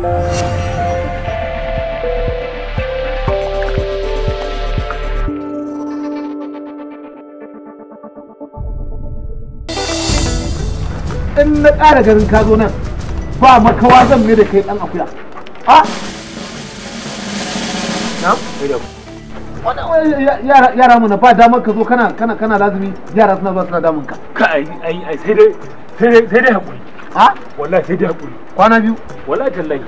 in na ƙara garin ka zo nan ba makawa zan mai da kai ɗan akuya a yara mana ba damar ka zo kana kana lazumi yara suna zuwa suna damun ka ka ai ai sai dai sai dai hakuri ha wallahi sai dai hakuri kwana biyu wallahi tallahi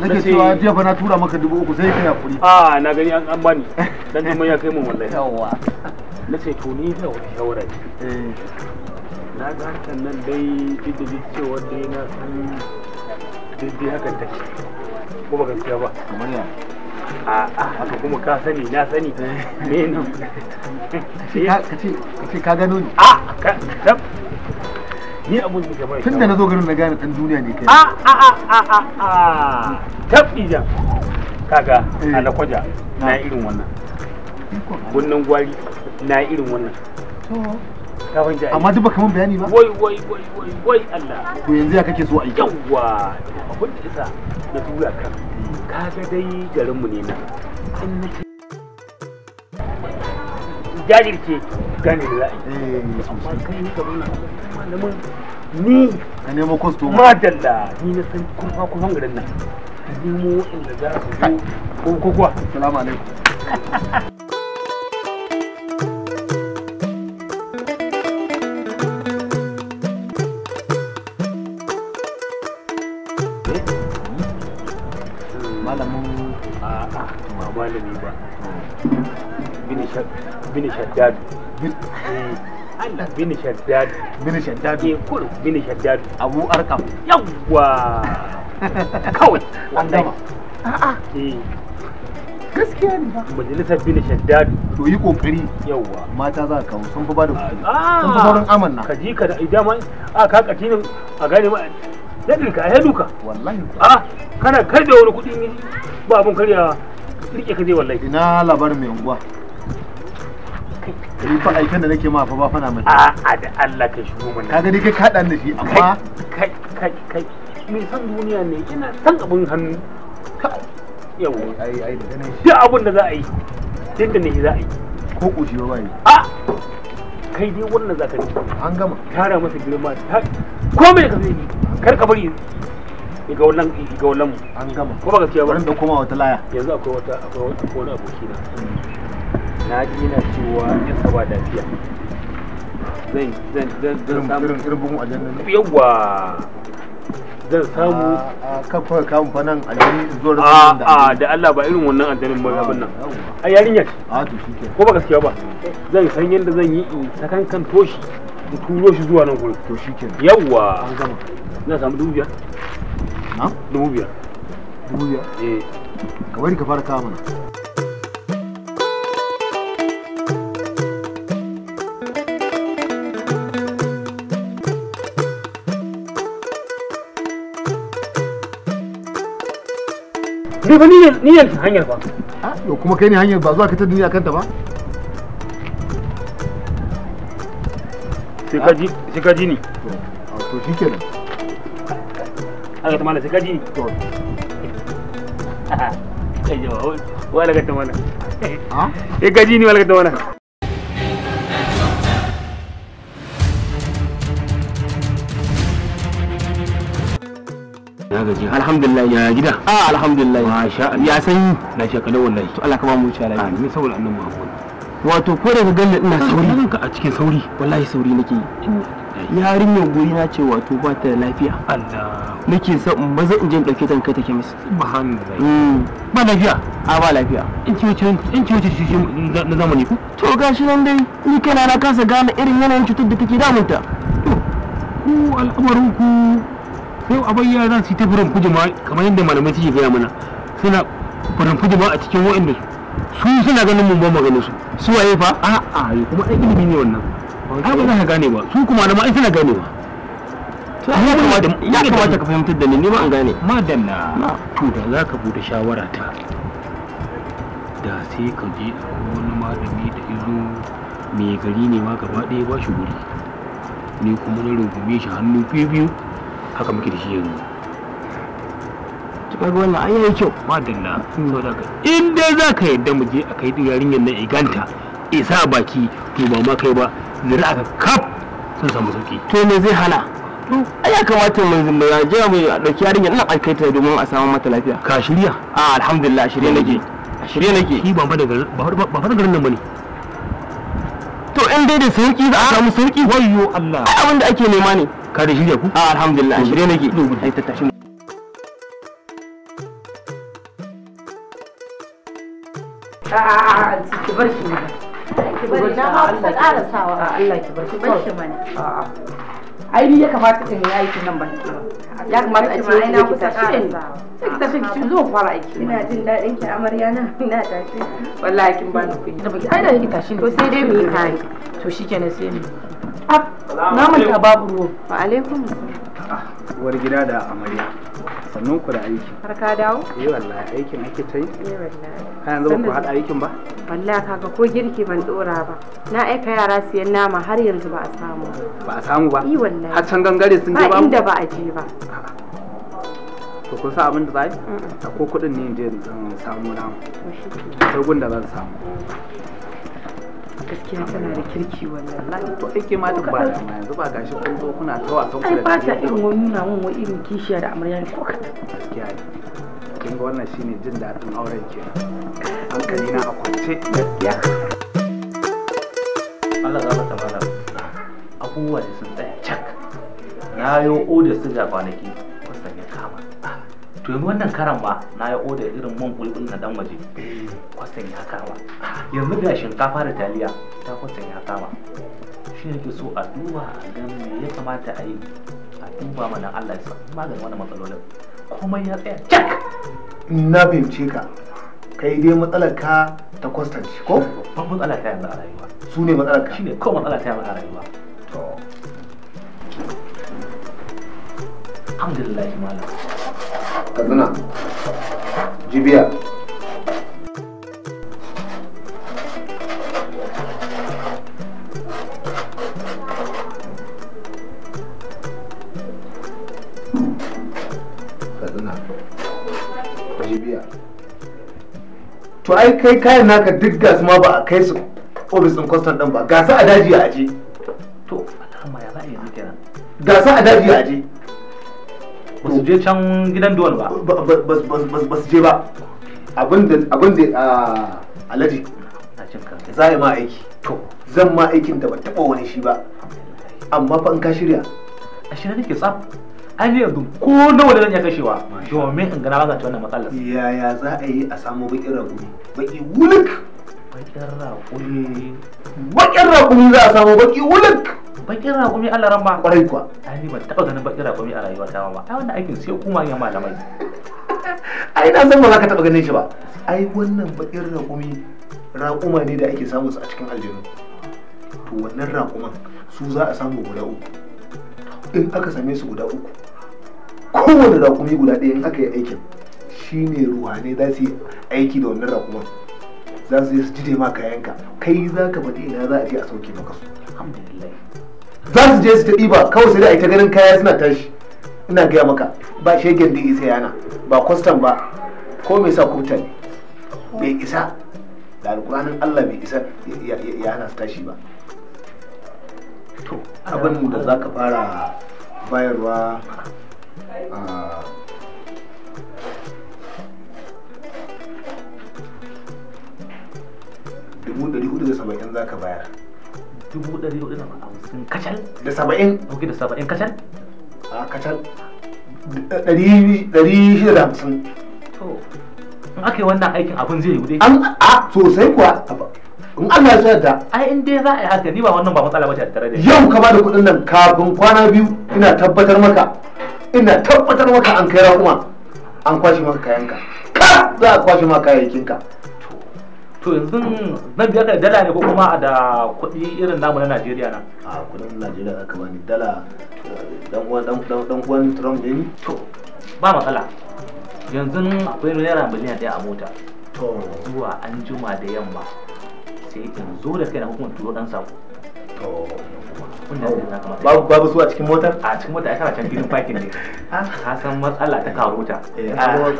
nake cewa jiya fa na tura maka dubu uku sai kai hakuri a na gani an an bani dan jin ya kai mun wallahi yawa na ce to ni da wani shawara eh na ga harkan nan dai duk da cewa dai na san daidai hakan take ko ba gaskiya ba kamar ya a a haka kuma ka sani na sani eh. me nan ka ce ka gano ni a ka ni abun da bai tunda na zo garin na gane dan duniya ne kai ah, ah, ah, eh. a a a a a tabi da kaga alakwaja na irin wannan gunnan gwari na irin wannan amma duk baka mun bayani ba wai wai wai wai wai Allah to yanzu ya kake so a yi yawa abin da isa na tura kan kaga dai garin mu ne nan jajirce gane da za'a yi eh, amma kai ni ni a nemo kwastoma madalla ni na san kuma kuma garin nan ka nemo waɗanda za su zo ko kuwa salamu alaikum eh? hmm. malamin ba malami ba bin shaddad Allah bin shaddad bin shaddad eh kul bin shaddad Abu Arkam yawwa kawai an gama a'a eh. gaskiya ne ba majalisar bin shaddad to yi kokari yawwa mata za ka kawo sun fi kuɗi ah. sun fi sauran amanna ka ji ka da idan a ka katinin a gane ma dadinka a yaduka wallahi a ah, kana kai da wani kuɗi ba abun karya rike ka je wallahi ina labarin mai unguwa ni fa aikin da nake ma fa ba fana A a'a da Allah ka shigo mun. ka gani kai ka da shi amma kai kai kai me san duniya ne ina san abin hannu yau ai ai da ne duk abun da za a yi duk da ne za a yi ko kuje ba yi a kai dai wannan za ka yi. an gama tara masa girma ko me ka zai yi kar ka bari ga wannan ga wannan an gama ko ba gaskiya ba da koma wata laya yanzu akwai wata akwai wani aboki na mm. na dina cewa in ka ba lafiya zan zan zan zan samu irin aljanna yawa zan samu kafa kamun fa aljanna zuwa da a da Allah ba irin wannan aljannin ba abin nan ai yarinya ce a to shike ko ba gaskiya ba zan san yadda zan yi in sakan kan toshi da turo shi zuwa nan gurin to shike yawa an gama zan samu dubu biyar na dubu biyar dubu biyar eh ka bari ka fara kawo mana Ni ba ni ne hanyar ba. To kuma kai ne hanyar ba zuwa ka ta duniya kanta ba? Sai ka ji ni. To shi kenan. Aka ta mala sai ka ji ni. To. Kai jawa, wala ka ta mana. Ha? ka ji ni wala ka ta mana. alhamdulillah ya gida a ah, alhamdulillah masha Allah ya sanyi na shekaru wallahi to Allah ka ba mu cewa lafiya ne saboda annan annabi Muhammad wato ko da ka ina sauri ka a cikin sauri wallahi sauri nake yarinyar guri na ce wato ba ta lafiya Allah nake sa in maza in je in dauke ta in kai ta kemis subhanallah mm. ba lafiya a ba lafiya in ki wuce in ki wuce shi na zamani ko to gashi nan dai ni kana na kasa gane irin yanayin cutar da take damunta to ku al'amarin ku yau abin yara su ta furan fujima kamar yadda malamai suke gaya mana suna furan fujima a cikin wa'anda su suna ganin mun ba maganin su su waye fa a a yi kuma ai ilimi ne wannan ai ba za ka gane ba su kuma malamai suna gane ba ya kamata ka fahimtar da ni ne ma an gane madalla to da za ka bude shawara ta da sai ka je a wani malami da izo mai gari ne ma gaba ɗaya ba shi guri ni kuma na rungume shi hannu biyu biyu haka muke da shi yanzu kaga wannan ai yayi kyau madalla so da ka in dai za ka yadda mu je a kai yarinyar nan iganta isa baki to ba ma kai ba zira ka kaf sun samu sauki to me zai hana ai ya kamata mu mu je mu dauki yarinyar nan kai ta domin a samu mata lafiya ka shirya a alhamdulillah shirye nake a shirye nake shi ba fa ba fa garin nan bane to in dai da sauki za a samu sauki wayyo Allah ai abin da ake nema ne ka shirya ku a ah, alhamdulillah shirya nake ta tashi a'a ah, ki bar shi mana ki bar shi a ah, ina jin daɗin ki amarya na ina tashi wallahi kin ba ni da ai ki tashi to sai dai mu yi kai to shikenan sai mu Namun ta babu ruwa. Wa alaikum. Ah, uwar gida da amarya. Sannan ku da aiki. Har ka dawo? Eh wallahi aikin ake ta yi. Eh wallahi. Ka yanzu ku haɗa aikin ba? Wallahi kaga ko girki ban dora ba. Na aika yara siyan nama har yanzu ba a samu. Ba a samu ba? Eh wallahi. Har can gangare sun je ba? Ba inda ba a je ba. Ah, ah. to kun sa abin da za yi? Ko kuɗin ne je in samu namu. Sai gun da zan samu. Mm. gaskiya tana da kirki wallahi to ake ma duk ba ta yanzu ba gashi kun zo kuna ta wasan ku da ba ta irin wani nuna mun wani irin kishiya da amarya ne ko gaskiya ne kin ga wannan shine jin daɗin auren ke hankali na a kwance gaskiya Allah za ta malam abubuwa da sun tsaya cak na yo odar su ga kwanaki to yanzu wannan karan ba na yi oda irin man bulbul na dan waje eh. kwastan ya kama yanzu ga shinkafa da taliya ta kwastan ya kama shi ne ke so a duba a me ya kamata a yi a duba mana Allah ya sa maganin wannan matsalolin komai ya tsaya cak na fahimce ka kai dai matsalar ka ta kwastan shi, ko babban matsala ta yanzu a rayuwa su ne matsalar ka ne ko matsala ta yanzu a rayuwa to alhamdulillah malam kaduna jibiya to ai kai kayan naka duk gas ma ba a kai su ofis din kwastan din ba gasa a daji a aje to alhamma ya za a yanzu kenan gasa a daji a aje ba su je can gidan duwan ba ba su je ba abin da ah, alaji za yi ma aiki to zan ma aikin da ba taba wani shi ba amma fa in ka shirya a shirya nake tsaf an yi yanzu ko na da zan iya kashewa domin in gana magance wannan matsalar yaya za a yi a samu bakin raguni baki wulik bakin raguni bakin raguni za a samu baki wulik bakin raƙumi Allah ran ma kwarai kuwa ni ban taɓa ganin bakin raƙumi a rayuwa ta ba ai wannan aikin sai kuma ya malamai ai na san ba za ka taɓa ganin shi ba ai wannan bakin raƙumi raƙuma ne da ake samun su a cikin aljanu to wannan raƙuman su za a samu guda uku in aka same su guda uku kowane raƙumi guda ɗaya in aka yi aikin shine ruhanai za su yi aiki da wannan raƙuman za su je su jide ma kayanka kai za ka faɗi ina za a je a sauke maka su alhamdulillah za su je su ta ɗiba kawai sai da ita ganin kaya suna tashi ina gaya maka ba shegen da isa yana ba kwastan ba ko mai sa kuta ne bai isa da alƙur'anin allah bai isa ya hana su tashi ba to abin da za ka fara bayarwa a ah, dubu ɗari hudu da saba'in za ka bayar dubu ɗari hudu da ma'amu hamsin kacal da saba'in bugi da saba'in kacal a kacal ɗari shida da hamsin to in aka yi wannan aikin abin zai yi dai an a sosai kuwa in Allah ya sa da ai in dai za a yi haka ni ba wannan ba matsala ba ta tare da yau ka bada kuɗin nan kafin kwana biyu ina tabbatar maka ina tabbatar maka an kai kuma an kwashe maka kayanka ka za a kwashe maka kayayyakinka to yanzu na biya ka da dala ne ko kuma da kuɗi irin namu na Najeriya na a kuɗin Najeriya zaka bani dala dan uwan dan uwan Trump ne ni to ba matsala yanzu akwai naira miliyan ɗaya a mota to zuwa an juma da yamma sai in zo da kai na hukumar turo dan sako to babu babu su a cikin motar a cikin motar tana can filin parking ne ah. ka san matsala ta karo wuta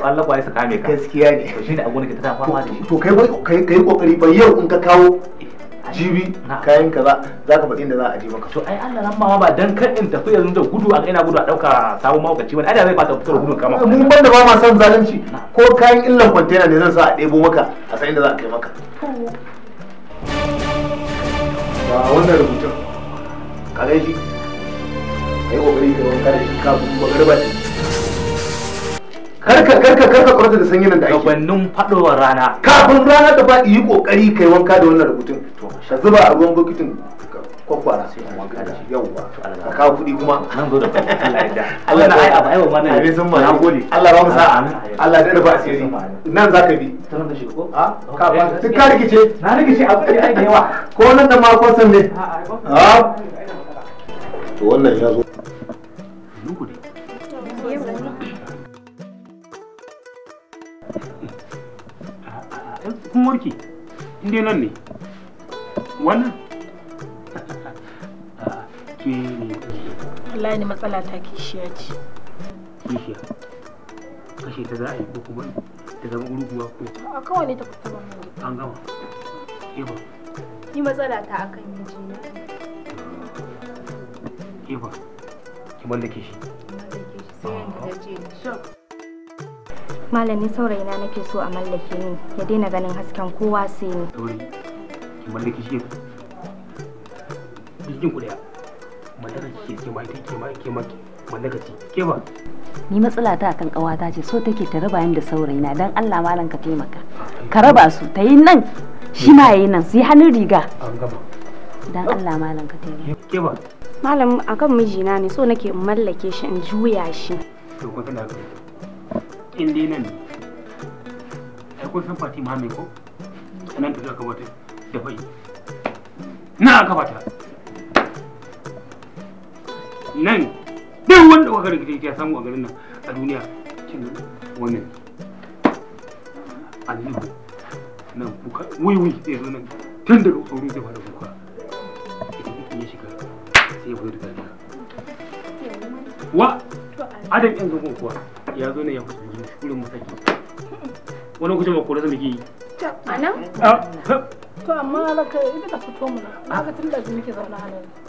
Allah kwaye ya kame ka gaskiya ne to shine abun da ta fama da shi to kai kai kai kokari ba yau in ka kawo jibi eh, kayan ka za za ka faɗi inda za a je maka to ai Allah ran ma ba dan kan in tafi yanzu da gudu a ina gudu a dauka sabon mawukaci ba ai da zai fata fitar gudun kama mun banda ba ma san zalunci ko kayan illan container ne zan sa a debo maka a san inda za a kai maka ba wannan rubutun ka gan shi ka yi kokari ka wanka da shi kafin magarba ce karka karka karka kwarta da sanyi nan da ake gabanin fadowar rana kafin rana ta faɗi yi kokari kai wanka da wannan rubutun to ka zuba a ruwan bokitin kwakwara sai wanka da shi yawwa ka kawo kuɗi kuma nan zo da Allah da ai abu wannan ne abin zumma na gode Allah ba mu Allah da asiri nan zaka bi da shi ko a ah, ka ba duk ka rikice na rikice kai ai da yawa ko nan da ko san ne a ah. to wannan ya zo kun warke inda nan ne wannan ne wallahi ni matsala ta kishiya ce kishiya kashe ta za a yi ko kuma ta zama gurguwa ko a kawai ne ta fita ba an gama eba ni matsala ta akan jini. eba ki mallake shi malami saurayina nake so a mallake ni ya daina ganin hasken kowa sai ni. Sauri, ki mallake shi. Bikin ku daya. ni matsala ta kan kawata ce so take ta raba yin da saurayina dan Allah malam ka taimaka ka raba su ta yi nan shi ma yayi nan su yi hannun riga dan Allah malam ka taimaka malam akan mijina ne so nake in mallake shi in juya shi to ko ka in dai nan ai ko san Fatima mai ko nan ta ka bata da bai na ka bata nan duk wanda kuka rikice ya samu a garin nan a duniya kin wannan aliyu nan kuka wui wui sai zo nan tun daga tsoro zai fara kuka idan ya shiga sai ya fito da dariya wa adam yan zagon kuwa ya zo nan ya fito da shurin masaki wani kuce ba kore zama muke yi a nan? Ah, to amma ka ita ka fito mu na ga tun da muke zaune a nan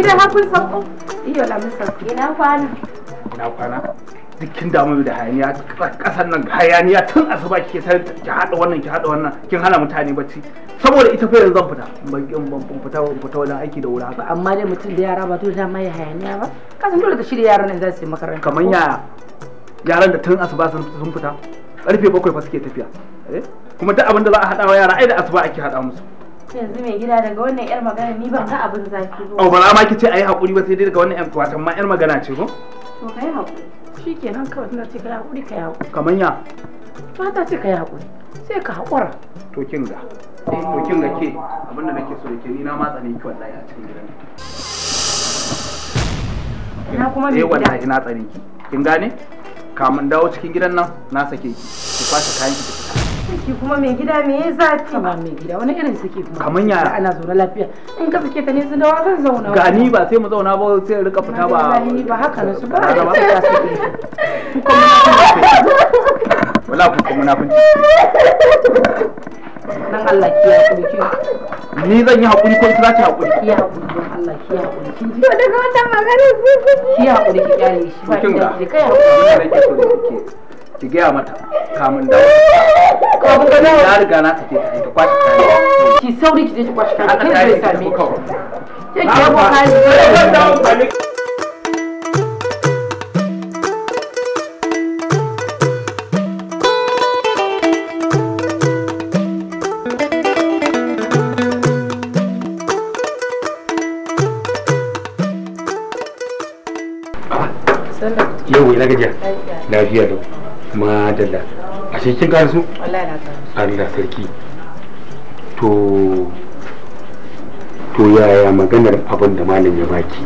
Gida na sauko? Iyo la mun Ina kwana. Ina kwana. Dukkin damu da hayaniya kasar nan hayaniya tun asuba kike sai ki hada wannan ki hada wannan kin hana mutane bacci saboda ita fa yanzu zan fita ban ban fita ban fita wajen aiki da wuri haka amma dai mutum da yara ba to da mai hayaniya ba kasan dole ka shirya yaran nan za yi makaranta kamar yaya yaran da tun asuba sun fita karfe bakwai fa suke tafiya eh? kuma duk abin da za a hada wa yara ai da asuba ake hada musu yanzu mai gida daga wannan yar magana ni ban ga abin zafi ba. Oh ba za ma kice ayi hakuri ba sai dai daga wannan yar watan ma yar magana ce ko? To kai hakuri. Shikenan kawai tana ce kai hakuri kai hakuri. Kaman ya? Mata ce kai hakuri. Sai ka hakura. To kin ga. Eh, to kin ga ke abinda nake so da ke ni na matsa ne ki wallahi a cikin gidan. Ina kuma mai eh, gida. Eh wallahi ina tsare ki. Kin gane? Kamun dawo cikin gidan nan na sake ki. Ki kwashe kayan ki ki fita. Saki kuma mai gida me ya zafi? Kama mai gida wani irin saki kuma. Kaman yara. Ana zaune lafiya. In ka fike ta ne su dawa zan zauna. Ga ni ba sai mu zauna ba sai in rika fita ba. ba haka na su ba. Ba ba ta sake. Wala ku kuma na kunci. Dan Allah kiya ku ki. Ni zan yi hakuri ko ki za ki hakuri. Kiya hakuri dan Allah kiya hakuri. Kin ji? daga wannan magana sai ku. Kiya hakuri ki kyale shi. Kin ga. Kai hakuri. Ki ga mata. kamun da kamun da na na riga na tafi ta ka kwashi kayan ki sauri ki je ki kwashi kayan kai zai same ki ke ki yabo kayan yau na gajiya lafiya da madalla ashe kin gane su wallahi Allah sarki to to yaya maganar abin da malam ya baki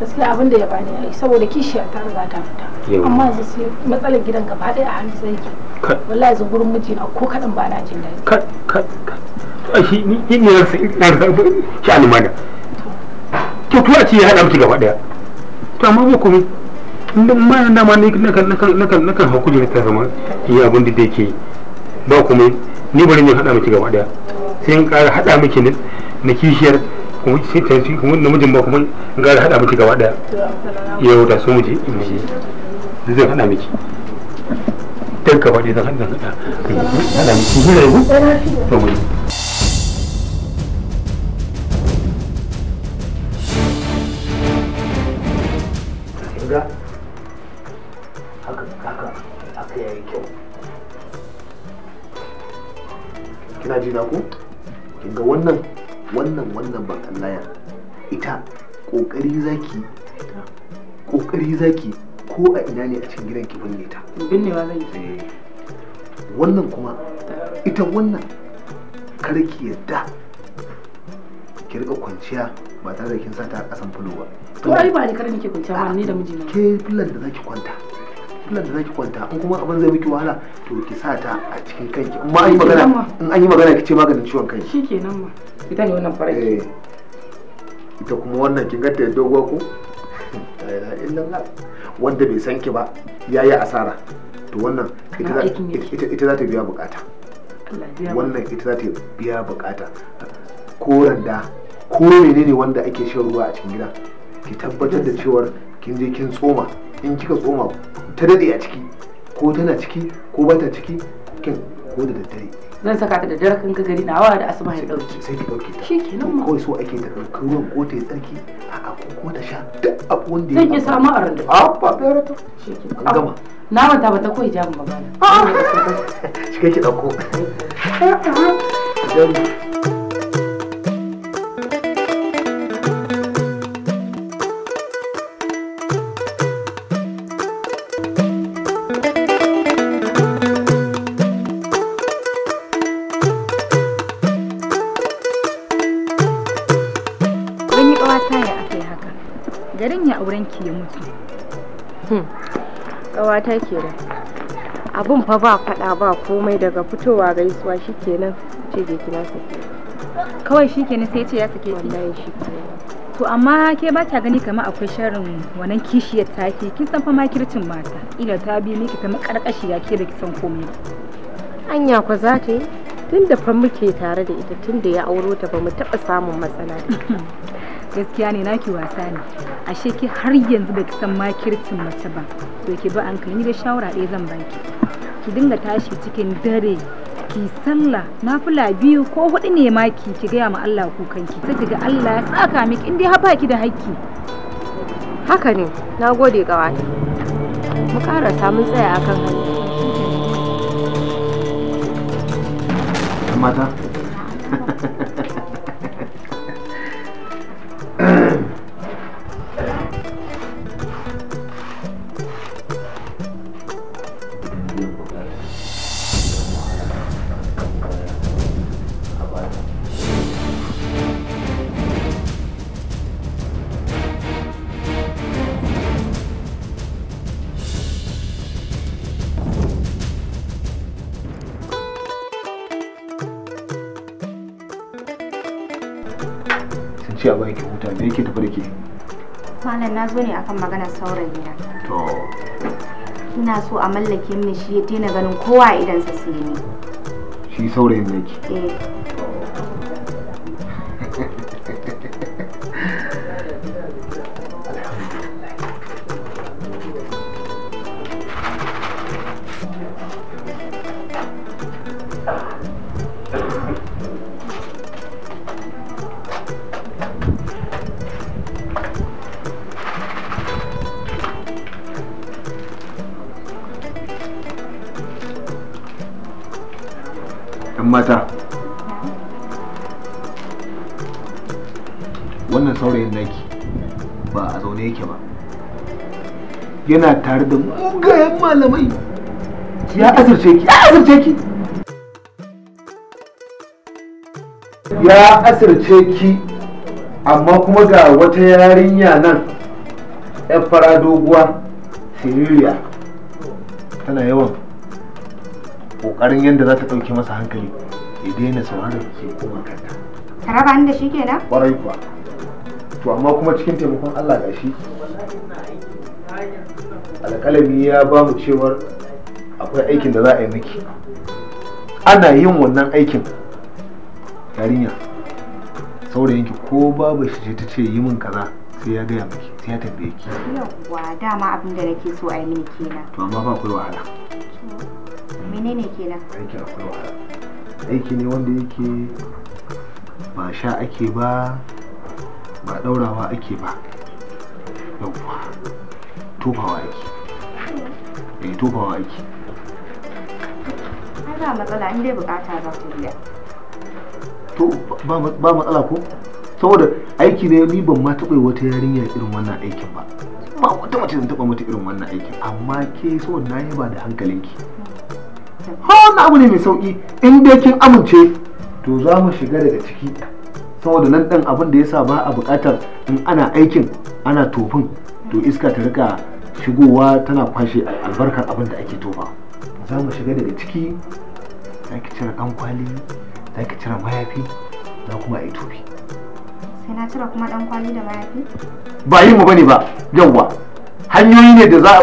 gaskiya abin da ya bani ai saboda kishiya ta riga ta fita amma yanzu sai matsalar gidan gaba daya a hannu sai ke wallahi yanzu gurin mijina ko kadan ba na jin daɗi kad kad kat ni shi ni ne rasa ina rasa shi almada to to a ce ya hada miki gaba daya to amma ba komai indin ma yana ma na kan hakuri na tasama ya abin da yake ba kuma ni bari ne haɗa miki gaba ɗaya sai in ƙara haɗa miki na kishiyar kuma sai ta yi kuma namijin ba kuma in ƙara haɗa miki gaba ɗaya yau da su muje in ji zai haɗa miki dan gaba ɗaya zan haɗa miki hira yau to ji na ko ga wannan wannan wannan ban allaya ita kokari zaki kokari zaki ko a ina ne a cikin gidan ki binne ta binnewa zan yi eh, wannan kuma ita wannan kar ki yadda ki rika kwanciya ba tare da kin sata a kasan fulo ba to ai ba ni kar nake kwanciya ba ni da mijina ke filan da zaki kwanta kullum da zaki kwanta in kuma abin zai miki wahala to ki sa ta a cikin kanki in ma an yi magana in an yi magana ki ce maganin ciwon kai shikenan ma ita ne wannan farai eh ita kuma wannan kin ga ta dogo ko wanda bai san ki ba yayi asara to wannan ita za ta biya bukata wannan ita za ta biya bukata koranda, da ko menene wanda ake shan ruwa a cikin gida ki tabbatar da cewar kin je kin tsoma in kika tsoma ta dade a ciki ko tana ciki ko ba ta ciki kin ko da daddare zan saka ta da dare kan gari na wa da asuba ya dauke sai ki dauke ta shikenan ma kawai so ake ta dauki ruwan ko ta yi tsarki a ko ta sha duk abu da ya zan ki samu a randu a ba da ta shikenan an gama na manta ba ta koyi jabin ba ba a cikin ki dauko aiki ya mutu hmm. ƙawata kenan abun fa ba faɗa ba komai daga fitowa gaisuwa shikenan ce je kina sake kawai shikenan sai ce ya sake ki wallahi shikenan to amma ke ba ta gani kamar akwai sharrin wannan kishiyar take kin san fa makircin mata ila ta bi miki ta ya ke da kisan komai anya ku za ta yi tun da fa muke tare da ita tun da ya auro ta ba mu taɓa samun matsala gaskiya ne naki wasa ne ashe ki har yanzu da san makircin mace ba to ki ba an da shawara ɗaya zan baki ki dinga tashi cikin dare ki sallah nafila biyu ko hudu ne maki, ki gaya ma Allah kukanki ta ga Allah ya saka miki in dai haba ki da hakki haka ne na gode kawai mu karasa mun tsaya akan hanya mata na zo ne akan maganar gida. to ina so a mallake mini shi ya tena ganin kowa idan sa sai ni shi saurayin ki. eh mata wannan saurayin naki ba a zaune yake ba yana tare da mugayen malamai ya azurce ki ya azurce ki ya asirce ki amma kuma ga wata yarinya nan yan fara doguwa siririya tana yawan ƙoƙarin yadda za ta ɗauki masa hankali ya daina da ke kuma kanta ka raba da shi kenan kwarai kuwa to amma kuma cikin taimakon Allah ga shi alƙalami ya ba mu cewar akwai aikin da za a yi miki ana yin wannan aikin yarinya saurayinki ko babu shi ta ce yi min kaza sai ya gaya miki sai ya tambaye ki yawwa dama abin da nake so a yi mini kenan to amma ba akwai wahala menene kenan aikin akwai wahala aiki ne wanda yake ba sha ake ba ba daurawa ake ba yauwa tofawa ake eh tofawa ake ba matsala in dai bukata za su biya to ba matsala ko saboda aiki ne ni ban ma taɓa wata yarinya irin wannan aikin ba ba wata mace zan taɓa mata irin wannan aikin amma ke so na yaba da hankalinki ha abu ne mai sauki in dai kin amince to za mu shiga daga ciki saboda nan ɗan abin da yasa ba a buƙatar in ana aikin ana tofin to iska ta rika shigowa tana kwashe albarkar abin da ake tofa za mu shiga daga ciki za ki cire dan kwali za ki cire mayafi za kuma yi tofi sai na cire kuma dan kwali da mayafi ba yi mu bane ba yawwa hanyoyi ne da za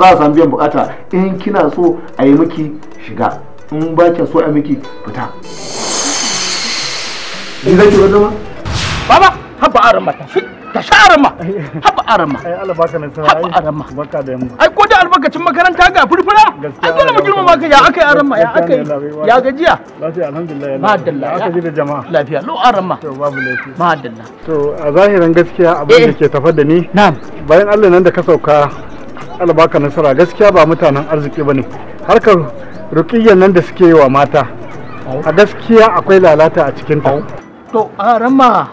a samu biyan bukata in kina so a yi miki shiga in ba ke so a yi miki fita ni zaki wani ma baba haba aran ma ta shi ta sha aran ma haba aran ma ai Allah baka ai baka ai da albarkacin makaranta ga furfura an dole mu girmama ya aka yi aran ma ya aka yi ya gajiya lafiya alhamdulillah ya ya aka ji da jama'a lafiya lo aran ma to babu laifi ma'adalla to a zahirin gaskiya abin da eh. ke tafar da ni na'am bayan Allah nan da ka sauka albarka nasara gaskiya ba mutanen arziki bane harkar ruqiyyan nan da suke yi wa mata a gaskiya akwai lalata a cikin ta to aran ma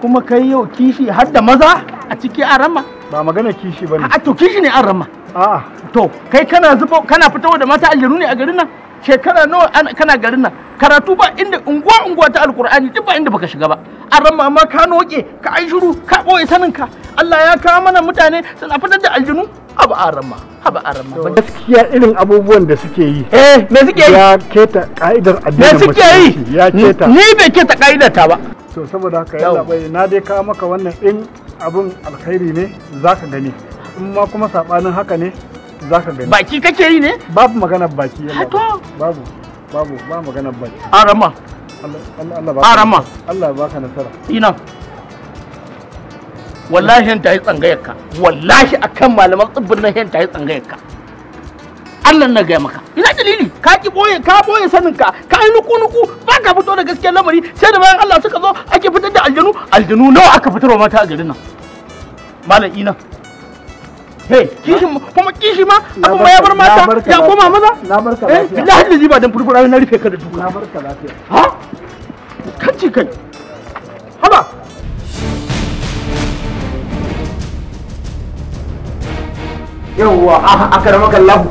kuma kai yau kishi har da maza a ciki aran ma ba magana kishi bane a to kishi ne an rama a'a to kai kana zuba kana fitowa da mata aljanu ne a garin nan shekara nawa kana garin nan karatu ba inda unguwa unguwa ta alkur'ani duk ba inda baka shiga ba an rama ma ka noke ka ai shiru ka boye sanin ka Allah ya kawo mana mutane suna fitar da aljanu abu an rama abu an rama gaskiya irin abubuwan da suke yi eh me suke yi ya keta ka'idar addinin me suke yi ya keta ni bai keta ka'idar ta ba to saboda haka yalla bai na dai kawo maka wannan in abin alkhairi ne za ka gani in ma kuma saɓanin haka ne za ka gani baki kake yi ne babu magana baki babu babu ba magana baki arama arama Allah ba ka nasara ina wallahi ta yi tsangayarka wallahi akan malaman tsibirin nan ta yi tsangayarka Allah na gaya maka ina dalili ka ki boye ka boye sanin ka ka yi nuku nuku ba ka fito da gaskiyar lamari sai da bayan Allah suka zo ake fitar da aljanu aljanu nawa aka fitarwa mata a garin nan malam ina He, kishi kuma kishi ma abu ma ya bar mata ya koma maza na barka eh, lafiya billahi da ziba dan furfura na rufe ka da duka na barka lafiya ha kanci kai haba yawwa a ramaka lahu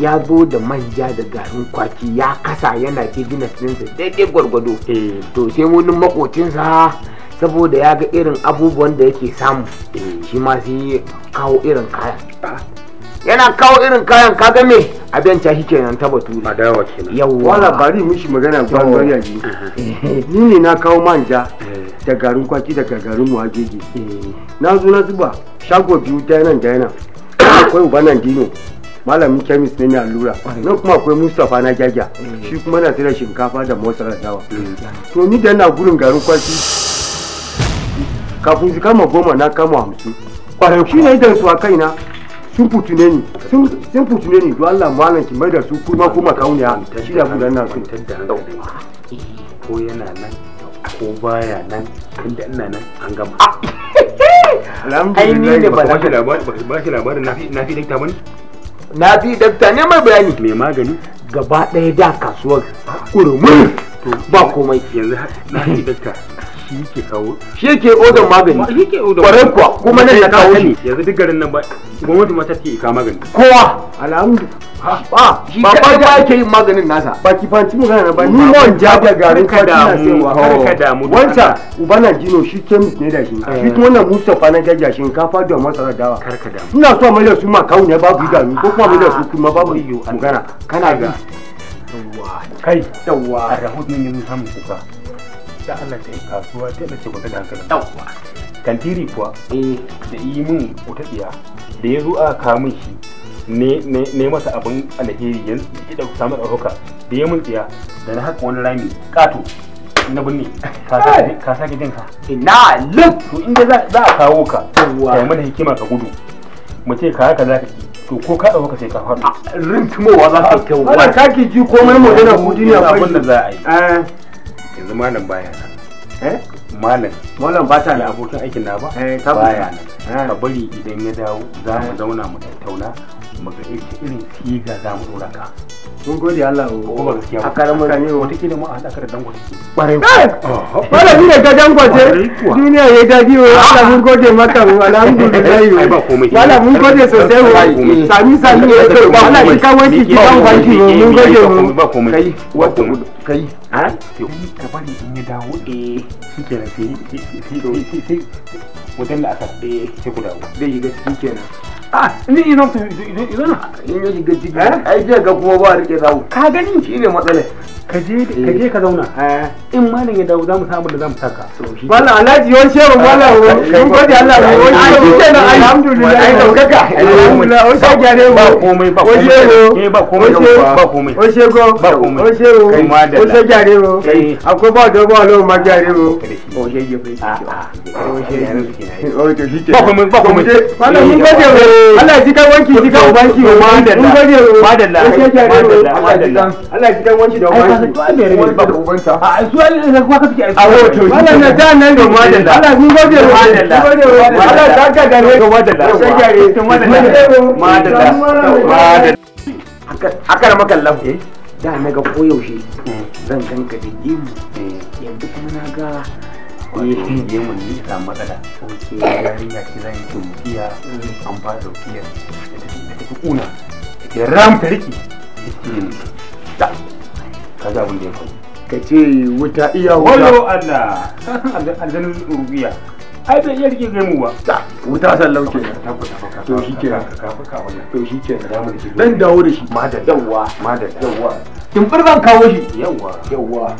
ya zo da manja da garin kwaki ya kasa yana gina ɗinsa daidai gwargwado eh. to sai wani makocinsa saboda ya ga irin abubuwan da yake samu eh. shi ma sai kawo irin kayan ah. yana kawo irin kayan kaga me abin ta shi kenan ta baturi adawa kenan yawwa wala bari mishi magana gwanon yaji ni ne na kawo manja eh. da garin kwaki daga garin muhajiji na zo na zuba shago biyu ta nan da yana akwai uba nan dino malamin kemis ne mai allura nan kuma akwai mustapha na jaja eh. shi kuma na tsira shinkafa da motsar dawa to ni da na gurin garin kwasi kafin su kama goma na kama hamsin shi ne idan su a kaina sun ne ni sun ne ni don Allah malam ki mai da su kuma kuma kauniya shi da budan na sun tadda ko yana nan ko baya nan inda ina nan an gama ah! alhamdulillah ba shi labarin na fi dakta bane na fi dakta ne mai bayani mai magani gaba ɗaya da kasuwar kurumin ba komai yanzu na bi dakta shi yake kawo shi yake odan magani kwarai kuwa kuma nan na kawo shi yanzu duk garin nan ba gwamnati ma take ka magani kowa alhamdu ba ba ba da ake yin maganin nasa ba ki fanci mu gana ba ni mon ja da garin ka da mu wanta ubana shi kemis ne da shi eh. shi mustafa na shinkafa masara dawa da mu ina so da su ma kawo ne babu idanu ko kuma mai da su ah. kuma babu iyo kana ga kai yawwa rahoton yin samun kuka da Allah ta yi kasuwa ta nace magana hankalin yawwa kantiri kuwa eh da yi min wata tsiya da ya zo ka kawo shi ne masa abin alheri yanzu da samun ɗaukaka da ya mun tsiya da na haka wani rami kato na binne ka sake jin ka ina look to inda za a kawo ka kai mana hikima ka gudu mu ce ka haka za ka to ko ka ɗauka sai ka faɗo rintumowa za ka kai wannan ka ki ji komai mu dana mu duniya abin da za a yi eh. yanzu malam baya na eh? malam malam ba ta da abokin aikin na ba eh, baya na eh. ka bari idan ya dawo za mu zauna mu tattauna mu ga irin siga za mu dora ka mun gode Allah o kuma gaskiya a karamar ne wata kila mu a haɗa kar dangon bare wala ni da dangon ce duniya ya dadi wa Allah mun gode maka alhamdulillah ba komai wala mun gode sosai wa sami sami ya ce wala ki ka wanki ki dan wanki mun gode mu ba komai kai kai a ka in dawo eh shike na sai sai aka eh sai ku dawo zai yi gaskiya kenan Ah, ni ina to ina in ya shiga ciki eh? ai je ga kuma ba rike samu ka gani shine matsalar ka je ka eh. je ka zauna eh. in malin ya dawo zamu samu da zamu saka wallahi alhaji yawan shehu wallahi mun gode Allah mu wani ai alhamdulillah ai daukaka alhamdulillah wai sai gyare ba komai ba komai ba komai ba komai wai shego ba komai wai shego wai sai gyare ro akwai ba da ba lo ma gyare ro o yayye ba komai ba komai wallahi mun gode Eh. Allah ji wanki ji wanki wa madalla madalla ma madalla Allah ji kai wanki da wanki ba a su Allah ka a wato Allah na da nan da madalla Allah ji Allah ka da akara eh? da na ga koyaushe eh. zan ganka da ihu yanzu kuma na ga wato je mun ni samu matsala ce yarinya ce zan yi tukiya an ba da tukiya da tafi kuna da ram riki da ka za abin da ya ka ce wuta iya wuta wallo Allah aljanun rubiya ai bai iya rike gaimu ba ta wuta sallau ke to shi ke to shi ke dan dawo da shi madalla yawa madalla yawa kin furban kawo shi yawa yawa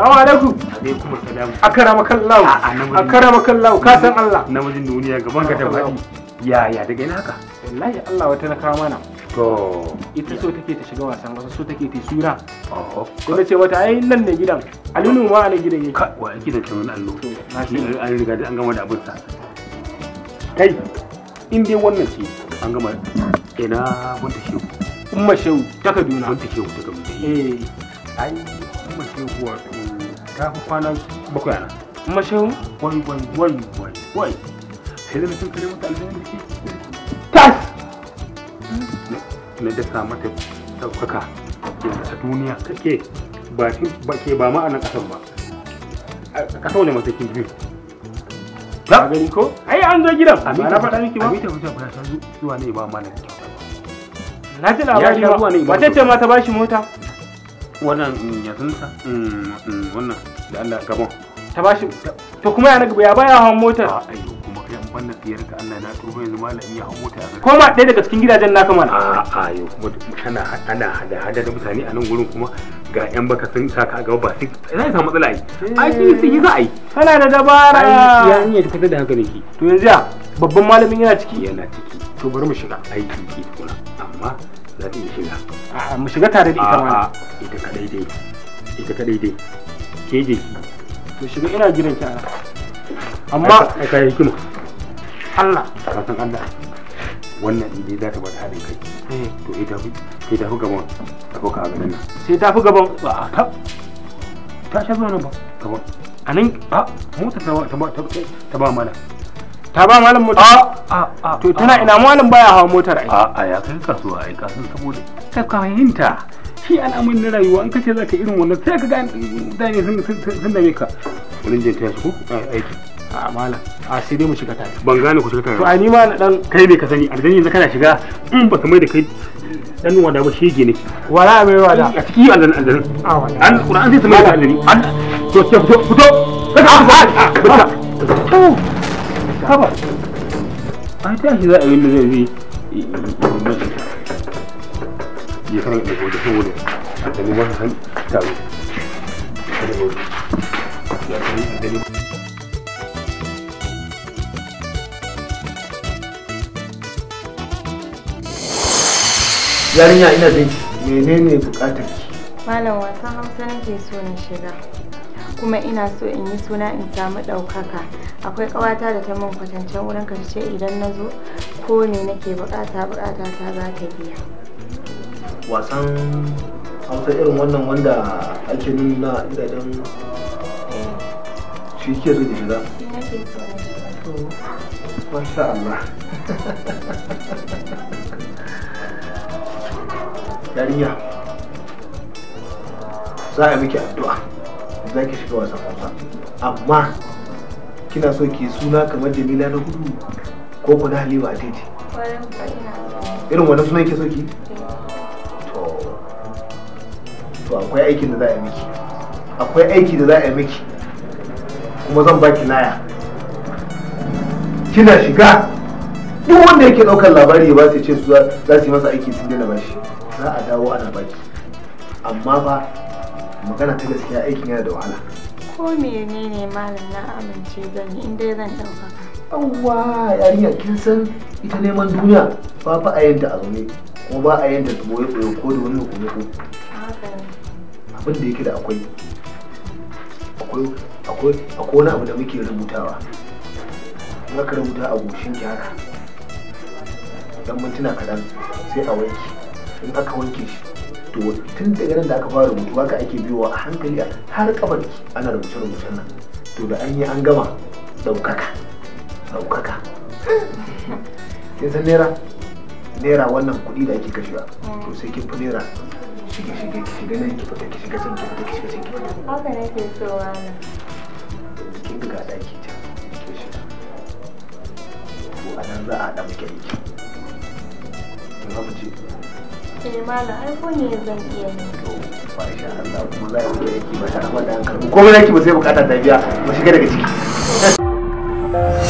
Salamu alaikum. Alaikum salam. Akarama kallahu. Akarama kallahu ka san Allah. Namijin duniya gaban ka ta faɗi. Ya ya daga ina haka? Wallahi Allah wata na kawo mana. To. Ita so take ta shiga wasan wasu so take ta sura. ko Ko ce mata ai nan ne gidan. Alinu ma ne gidan yake. Ka wa gidan ta wani allo. An riga an gama da abin sa. Kai in dai wannan ce an gama ina bunta shehu. Umma shehu ta Kaduna. Bunta shehu ta Kaduna. Eh. Ai umma shehu wa ta kwana bakwai ana amma shehu wai wai wai wai sai da mutum kare mata aljanna da ke tas na dasa mata ɗaukaka a duniya kake ba ke ba ma a nan ƙasan ba a ƙasa ne matakin biyu ba gani ko ai an zo gidan a na faɗa miki ba abita wuta ba ta zuwa ne ba malam na ji labari ba wata ce ma ta bashi mota wannan mm, ya sunta mm, mm, wannan da Allah gaban ta bashi to kuma ya na gaba ya baya hawan motar a ayyo kuma kai amfan da tiyar ka Allah na tuba yanzu malam ya hawan mota ko ɗaya daga cikin gidajen naka mana a a kuma kana ana hada hada da mutane a nan gurin kuma ga yan baka sun saka a gaba ba sai zai samu matsala ai eh. ai shi sai za ai kana da dabara ai ya ne ka da haka nake to yanzu ya babban malamin yana ciki yana ciki to bari mu shiga aiki ki tukuna amma za ta shiga a'a mu shiga tare da ita ma ita kadai dai ita dai ke je ki mu shiga ina gidan ki ana amma ka yi Allah ka san Allah wannan idai za ta bada haɗin kai eh. to ita fi sai ta gaban ka ganin nan sai ta gaban ba a ta ta shafi wani ba gaban a nan mota ta ba mana ta ba malam mota a ah, a ah, a ah, to tana ina malam baya hawa motar ai a ya kai kasuwa ai kasan saboda ta fahimta shi al'amarin na rayuwa in kace zaka irin wannan sai ka ga zane sun sun dame ka wurin je kai su ko aiki a malam a sai dai mu shiga tare ban gane ku shiga tare to a ni ma na dan kai me ka sani aljani yanzu kana shiga in baka mai da kai dan wada ba shege ne. wala mai wada a ciki aljan aljan a wala an qur'an zai tsamaya da aljani to fito fito kada a fita haba an tashi za a yi da zai ya kan da gobe saboda a dani masa san taro da yarinya ina jin menene bukatar ki malam wasan hausa nake so na shiga kuma ina so in yi suna in samu ɗaukaka akwai ƙawata da ta min kwatancen wurin kasashe idan na zo ko ne nake buƙata buƙata ta za ta biya wasan hausa irin wannan wanda ake nuna idan eh, shi ke zuwa shiga masha Allah yarinya za a yi miki addu'a za ki shiga wasan hausa amma kina so ki suna kamar jamila na hudu ko kuna halima a titi irin wani sunan ki so ki eh. to akwai aikin da za a yi miki akwai aiki da za a yi miki kuma zan baki laya kina shiga duk wanda yake daukar labari ya ba su ce za su yi masa aiki sun daina bashi za a dawo ana baki amma ba magana ta gaskiya aikin yana da wahala ko menene malam na amince zan yi in dai zan dauka yawwa yarinya kin san ita neman duniya ba fa a yanta a zaune kuma ba a yanta ta boye boye ko da wani hukumi ko abin da yake da akwai akwai akwai akwai wani abu da muke rubutawa za ka rubuta a goshin ki haka dan mintuna kaɗan sai a wanke in aka wanke shi to tun daga nan da aka fara rubutu haka ake biyowa a hankali har kabar ana rubuce rubucen nan to da an yi an gama ɗaukaka ɗaukaka kin san naira naira wannan kuɗi da ake kashewa to sai kin fi naira shige shige ki shiga nan ki fita ki shiga can ki fita ki shiga can ki fita haka nake so wani kin ga daki can ki shiga to a nan za a haɗa muke to in haka ce ke eh, mala ai ne zan iya yi ba kuma za ki ba ta abada an ba ta biya mu shiga daga ciki